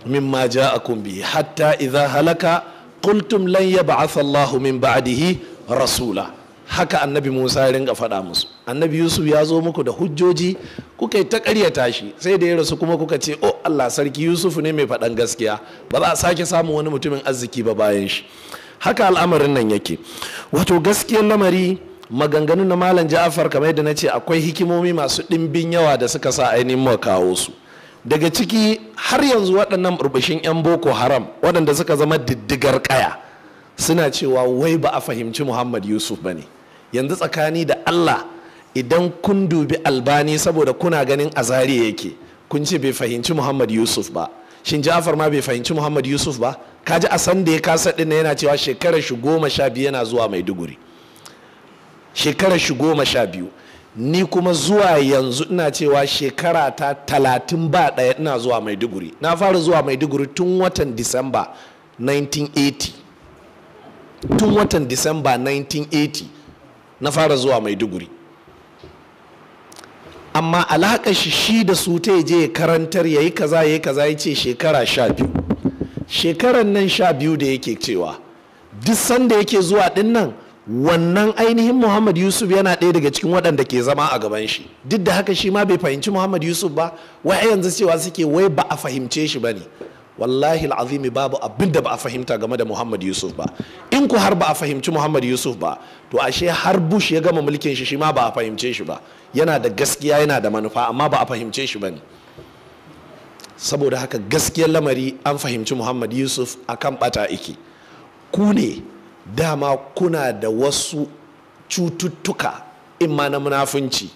S1: mimma ja'akum bi hatta idza halaka qultum lan yab'ath Allahu min ba'dihi rasula haka annabi Musa ya ringa faɗa musu annabi Yusuf ya zo muku da hujjoji kuka yi ta ƙarya tashi sai da ya rasu kuma kuka ce oh Allah sarki Yusuf ne mai faɗan gaskiya ba za a sake samun wani mutumin arziki ba bayan shi haka al'amarin nan yake wato gaskiyar lamari maganganu na malam ja'afar kamar yadda na ce akwai hikimomi masu ɗimbin yawa da suka sa ainihin mu kawo su daga ciki har yanzu waɗannan burbushin 'yan boko haram waɗanda suka zama diddigar ƙaya suna cewa wai ba a fahimci muhammad yusuf ba ne yanzu tsakani da allah idan kun dubi albani saboda kuna ganin azari yake kun ce bai fahimci muhammad yusuf ba shin ja'afar ma bai fahimci muhammad yusuf ba kaji a san da ya kasa din yana cewa shekarar shi goma sha biyu yana zuwa maiduguri shekarar shi goma sha biyu ni kuma zuwa yanzu ina cewa shekara ta talatin ba ɗaya ina zuwa maiduguri na fara zuwa maiduguri tun watan disamba 1980 tun watan disamba 1980 na fara zuwa maiduguri amma alaƙa shi da su ta je karantar ya yi kaza ya yi kaza ya ce shekara sha biyu shekaran nan sha biyu da yake cewa duk sanda yake zuwa din nan wannan ainihin muhammad yusuf yana ɗaya daga cikin waɗanda ke zama a gaban shi duk da haka shi ma bai fahimci muhammad yusuf ba wai yanzu cewa suke wai ba a fahimce shi ba ne wallahi al'azimi babu abin da ba a fahimta game da muhammad yusuf ba in ku har ba a fahimci muhammad yusuf ba to ashe har bush ya gama mulkin shi shi ma ba a fahimce shi ba yana da gaskiya yana da manufa amma ba a fahimce shi ba ne saboda haka gaskiyar lamari an fahimci muhammad yusuf akan bata iki ku ne dama kuna da wasu cututtuka imma na munafunci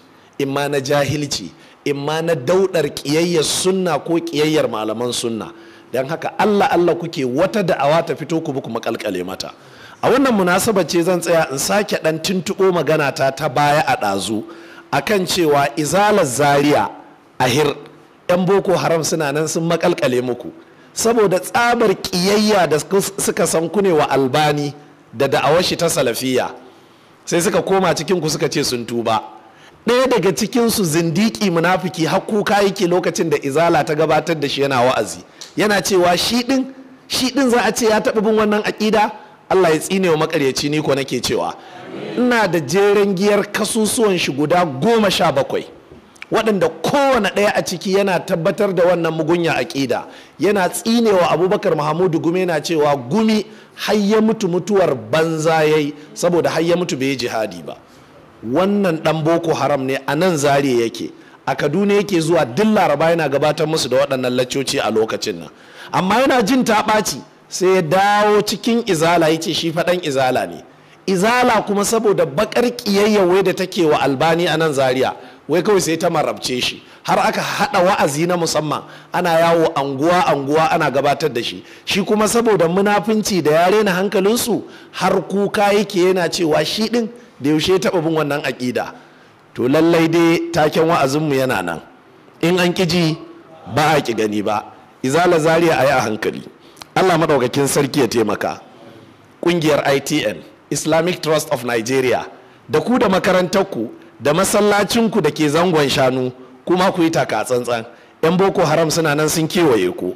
S1: imma na jahilci imma na daudar kiyayyar sunna ko kiyayyar malaman sunna don haka allah allah kuke wata da'awa ta fito ku kuma kalkale mata a wannan munasabar ce zan tsaya in sake dan tuntuɓo magana ta ta baya a ɗazu akan cewa izalar zaria hir. 'yan boko haram suna nan sun makalkale muku saboda tsabar kiyayya da suka san kune wa albani da da'awar shi ta salafiya sai suka koma cikin ku suka ce sun tuba ɗaya daga cikin su zindiki munafiki har kuka yake lokacin da izala ta gabatar da shi yana wa'azi yana cewa shi ɗin shi za a ce ya taɓa bin wannan aƙida Allah ya tsine wa makaryaci ni ko nake cewa ina da jeren giyar kasusuwan shi guda goma sha bakwai waɗanda kowane ɗaya a ciki yana tabbatar da wannan mugunya aƙida yana tsinewa abubakar mahamudu gumi yana cewa gumi har ya mutu mutuwar banza yayi saboda har ya mutu bai jihadi ba wannan ɗan boko haram ne a nan zare yake a kaduna yake zuwa duk laraba yana gabatar musu da waɗannan laccoci a lokacin nan amma yana jin taɓaci sai ya dawo cikin izala ya ce shi faɗan izala ne izala kuma saboda baƙar ƙiyayyawai da take wa albani a nan zariya wai kawai sai ta marabce shi har aka hada wa'azi na musamman ana yawo anguwa anguwa ana gabatar da shi shi kuma saboda munafunci da yare na hankalinsu har kuka yake yana cewa shi din da yaushe ya taba bin wannan aƙida to lallai dai taken wa'azinmu yana nan in an kiji ba a ki gani ba izala zaria a yi a hankali allah madaukakin sarki ya taimaka ƙungiyar itn islamic trust of nigeria da ku da makarantar ku da masallacinku da ke zangon shanu kuma ku yi taka tsantsan yan boko haram suna nan sun kewaye ku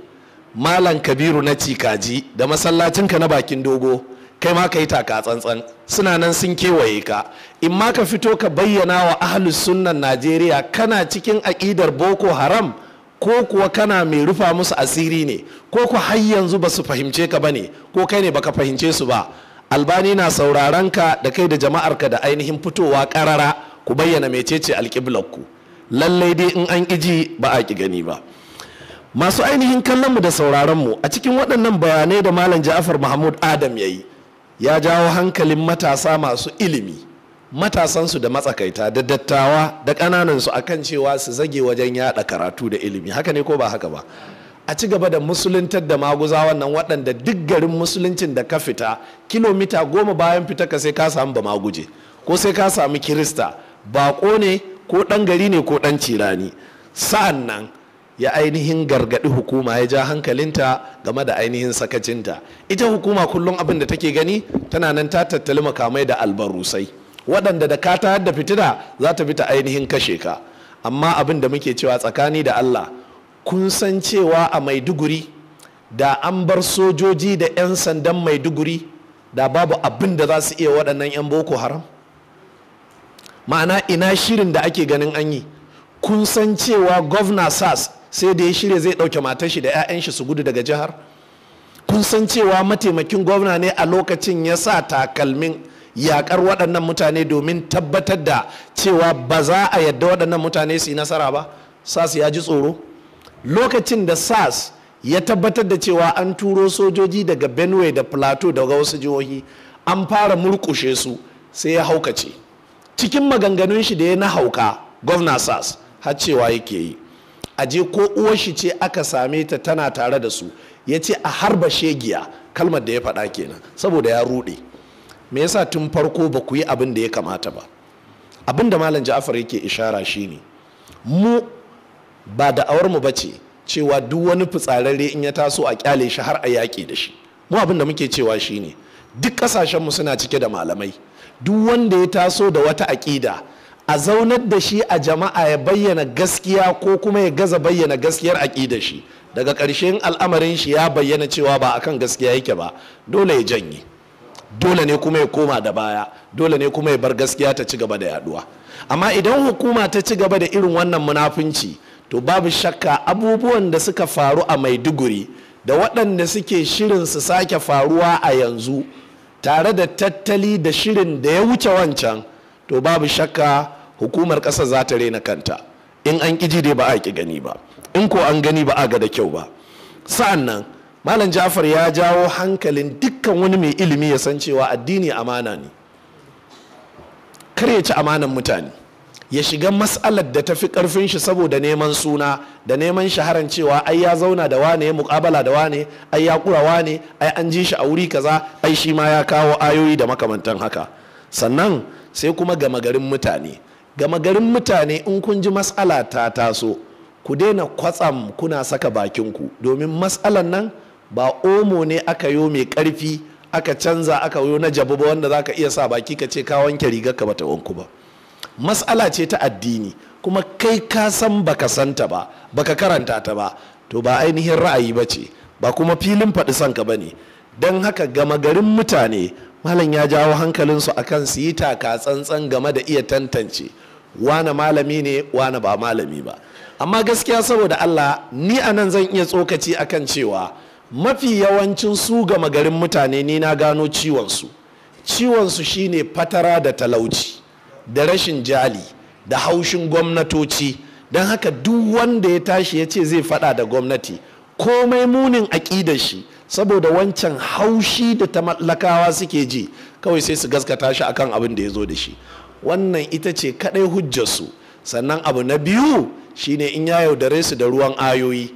S1: malam kabiru na cikaji da masallacinka na bakin dogo kai ma ka yi taka tsantsan suna nan sun kewaye ka in ma ka fito ka bayyana wa ahlus sunnan najeriya kana cikin aƙidar boko haram ko kuwa kana mai rufa musu asiri ne ko ku har yanzu ba su fahimce ka ba ne ko kai ne baka fahimce su ba albani na sauraron ka da kai da jama'arka da ainihin fitowa ƙarara ku bayyana mecece ku lallai dai in an ƙiji ba a ki gani ba masu ainihin kallon mu da sauraron mu a cikin waɗannan bayanai da malam ja'afar mahmud adam ya yi ya jawo hankalin matasa masu ilimi matasansu da matsakaita da dattawa da ƙananansu akan cewa su zage wajen yaɗa karatu da ilimi haka ne ko ba haka ba a ci gaba da musuluntar da maguza wannan waɗanda duk garin musuluncin da ka fita kilomita goma bayan fita ka sai ka samu ba maguje ko sai ka samu kirista baƙo ne ko ɗan gari ne ko ɗan cirani sa'an nan ya ainihin gargaɗi hukuma ya ja hankalinta game da ainihin sakacinta ita hukuma kullum abin da take gani tana nan ta tattali makamai da albarusai waɗanda da ka tayar da fitina za ta bi ta ainihin kashe ka amma abin da muke cewa tsakani da allah kun san cewa a maiduguri da an bar sojoji da 'yan sandan maiduguri da babu abin da za su iya waɗannan 'yan boko haram ma'ana ina shirin da ake ganin an yi kun san cewa gwamna sas sai da ya shirya zai dauke matar shi da 'ya'yan shi su gudu daga jihar kun san cewa mataimakin gwamna ne a lokacin ya sa takalmin yakar waɗannan mutane domin tabbatar da cewa ba za a yadda waɗannan mutane su yi nasara ba sas ya ji tsoro lokacin da sas ya tabbatar da cewa an turo sojoji daga benue da plateau daga wasu jihohi an fara murkushe su sai ya haukace cikin maganganun shi da ya na hauka gwamna sas har cewa yake yi a je ko uwar shi ce aka same ta tana tare da su ya ce a harba shegiya kalmar da ya faɗa kenan saboda ya rude. me yasa tun farko ba ku yi abin da ya kamata ba abin da malam ja'afar yake ishara shine mu ba da awarmu mu ce, cewa duk wani fitsararre in ya taso a kyale shi har a yaƙi da shi mu abin da muke cewa shine duk ƙasashen mu suna cike da malamai duk wanda ya taso da wata aƙida a zaunar da shi a jama'a ya bayyana gaskiya ko kuma ya gaza bayyana gaskiyar aƙidar shi daga ƙarshen al'amarin shi ya bayyana cewa ba akan gaskiya yake ba dole ya janye dole ne kuma ya koma da baya dole ne kuma ya bar gaskiya ta ci gaba da yaduwa amma idan hukuma ta ci gaba da irin wannan munafunci to babu shakka abubuwan da suka faru a maiduguri da waɗanda suke shirin su sake faruwa a yanzu tare da tattali da shirin da ya wuce wancan to babu shakka hukumar ƙasa za ta rena kanta in an ƙiji dai ba a ƙi gani ba in ko an gani ba a ga da kyau ba sa'an nan malam jafar ya jawo hankalin dukkan wani mai ilimi ya san cewa addini amana ne kar ya ci amanan mutane ya shiga matsalar da ta fi karfin shi saboda neman suna da neman shaharan cewa ai ya zauna da wane ya mukabala da wane ai ya kura wane ai an ji shi a wuri kaza ai shi ma ya kawo ayoyi da makamantan haka sannan sai kuma gama garin mutane gama garin mutane in kun ji mas'ala ta taso ku daina kwatsam kuna saka bakin ku domin matsalan nan ba omo ne aka yo mai karfi aka canza aka yo na jabu ba wanda zaka iya sa baki ka ce ka wanke rigar ka bata wanku ba matsala ce ta addini kuma kai ka san baka santa ba baka karanta ta ba to ba ainihin ra'ayi ba ce ba kuma filin faɗi sanka ba ne don haka gama garin mutane malam ya jawo hankalinsu kan su yi taka tsantsan game da iya tantance wane malami ne wane ba malami ba amma gaskiya saboda allah ni a nan zan iya tsokaci a kan cewa mafi yawancin su gama garin mutane ni na gano ciwonsu ciwonsu shine fatara da talauci da rashin jali da haushin gwamnatoci don haka duk wanda ya tashi ya ce zai fada da gwamnati komai munin aƙidar shi saboda wancan haushi da ta mallakawa suke ji kawai sai su gaskata shi akan abin da ya zo da shi wannan ita ce kaɗai hujjarsu sannan abu na biyu shine in ya yaudare su da ruwan ayoyi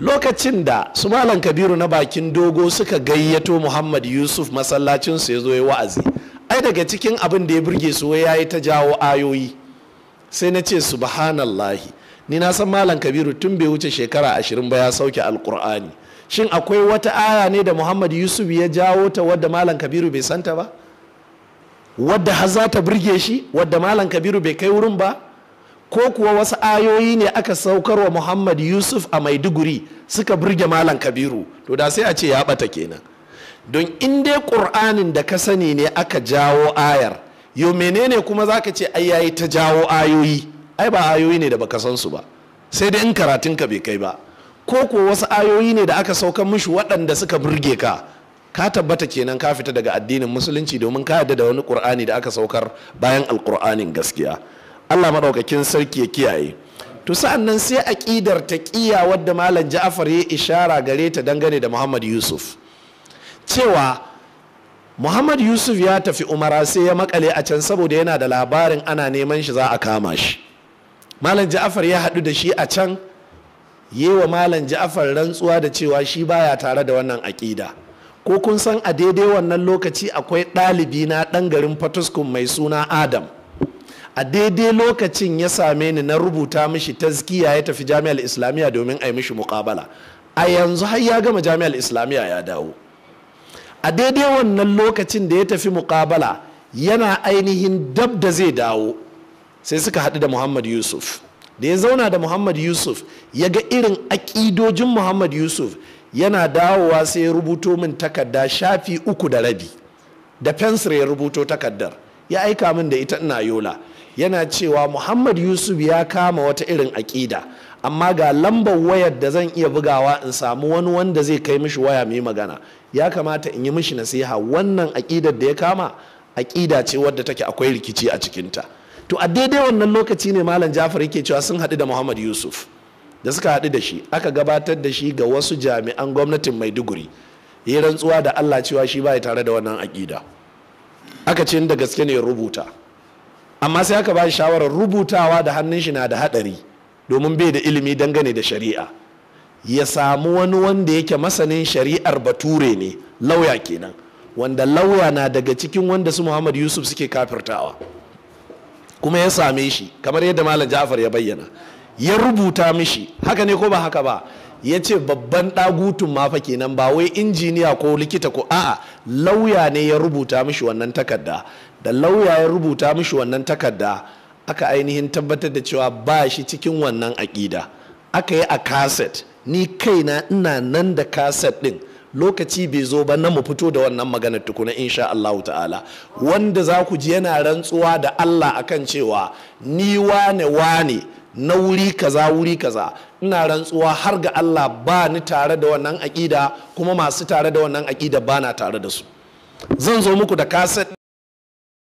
S1: lokacin da su malam kabiru na bakin dogo suka gayyato muhammad yusuf masallacinsu ya zo ya wa'azi ai daga cikin abin da ya burge su ya yi ta jawo ayoyi sai na ce subhanallahi ni na san malam kabiru tun bai wuce shekara ashirin ba ya sauke alkur'ani shin akwai wata aya ne da muhammad yusuf ya jawo ta wadda malam kabiru bai santa ba wadda har za ta burge shi wadda malam kabiru bai kai wurin ba ko kuwa wasu ayoyi ne aka saukar wa muhammad yusuf a maiduguri suka burge malam kabiru to da sai a ce ya bata kenan don in dai ƙur'anin da ka sani ne aka jawo ayar yau menene kuma za ka ce ai yayi ta jawo ayoyi ai ba ayoyi ne da baka san su ba sai dai in karatun ka bai kai ba ko ko wasu ayoyi ne da aka saukar mushi waɗanda suka burge ka ka tabbata kenan ka fita daga addinin musulunci domin ka yadda da wani ƙur'ani da aka saukar bayan alƙur'anin gaskiya Allah maɗaukakin sarki ya kiyaye to sa'an nan sai ta ƙiya wadda malam ja'afar ya ishara gare ta dangane da Muhammad Yusuf cewa muhammad yusuf ya tafi umara sai ya makale a can saboda yana da labarin ana neman shi za a kama shi malam ja'afar ya haɗu da shi a can yi wa malam ja'afar rantsuwa da cewa shi baya tare da wannan aƙida ko kun san a daidai wannan lokaci akwai ɗalibi na ɗan garin fatuskun mai suna adam a daidai lokacin ya same ni na rubuta mishi tazkiya ya tafi jami'ar islamiyya domin a yi mishi muƙabala a yanzu har ya gama jami'ar islamiyya ya dawo a daidai wannan lokacin da ya tafi muƙabala yana ainihin dab da zai dawo sai suka haɗu da muhammad yusuf da ya zauna da muhammad yusuf ya ga irin aƙidojin muhammad yusuf yana dawowa sai ya rubuto min takarda shafi uku da rabi da fensir ya rubuto takardar ya aika min da ita ina yola yana cewa muhammad yusuf ya kama wata irin aƙida amma ga lambar wayar da zan iya bugawa in samu wani wanda zai kai mishi waya mai magana ya kamata in yi mishi nasiha wannan aƙidar da ya kama aƙida ce wadda take akwai rikici a cikinta to a daidai wannan lokaci ne malam jafar yake cewa sun haɗu da muhammad yusuf da suka haɗu da shi aka gabatar da shi ga wasu jami'an gwamnatin maiduguri ya rantsuwa da allah cewa shi baya tare da wannan aƙida aka ce da gaske ne rubuta amma sai aka ba shi shawarar rubutawa da hannun shi na da haɗari domin bai da ilimi dangane da shari'a ya samu wani wanda yake masanin shari'ar bature ne lauya kenan wanda lauya na daga cikin wanda su muhammad yusuf suke kafirtawa kuma ya same shi kamar yadda malam ja'far ya bayyana ya rubuta mishi haka ne ko ba haka ba ya ce babban ɗagutun mafa kenan ba wai injiniya ko likita ko a'a lauya ne ya rubuta mishi wannan takarda da lauya ya rubuta mishi wannan takarda aka ainihin tabbatar da cewa ba shi cikin wannan aƙida aka yi a kaset ni kaina ina nan da kaset ɗin lokaci bai zo ba na mu fito da wannan magana tukuna insha Allahu ta'ala wanda za ku ji yana rantsuwa da Allah akan cewa ni wane wane na wuri kaza wuri kaza ina rantsuwa har ga Allah ba ni tare da wannan aƙida kuma masu tare da wannan aƙida ba na tare da su zan zo muku da kaset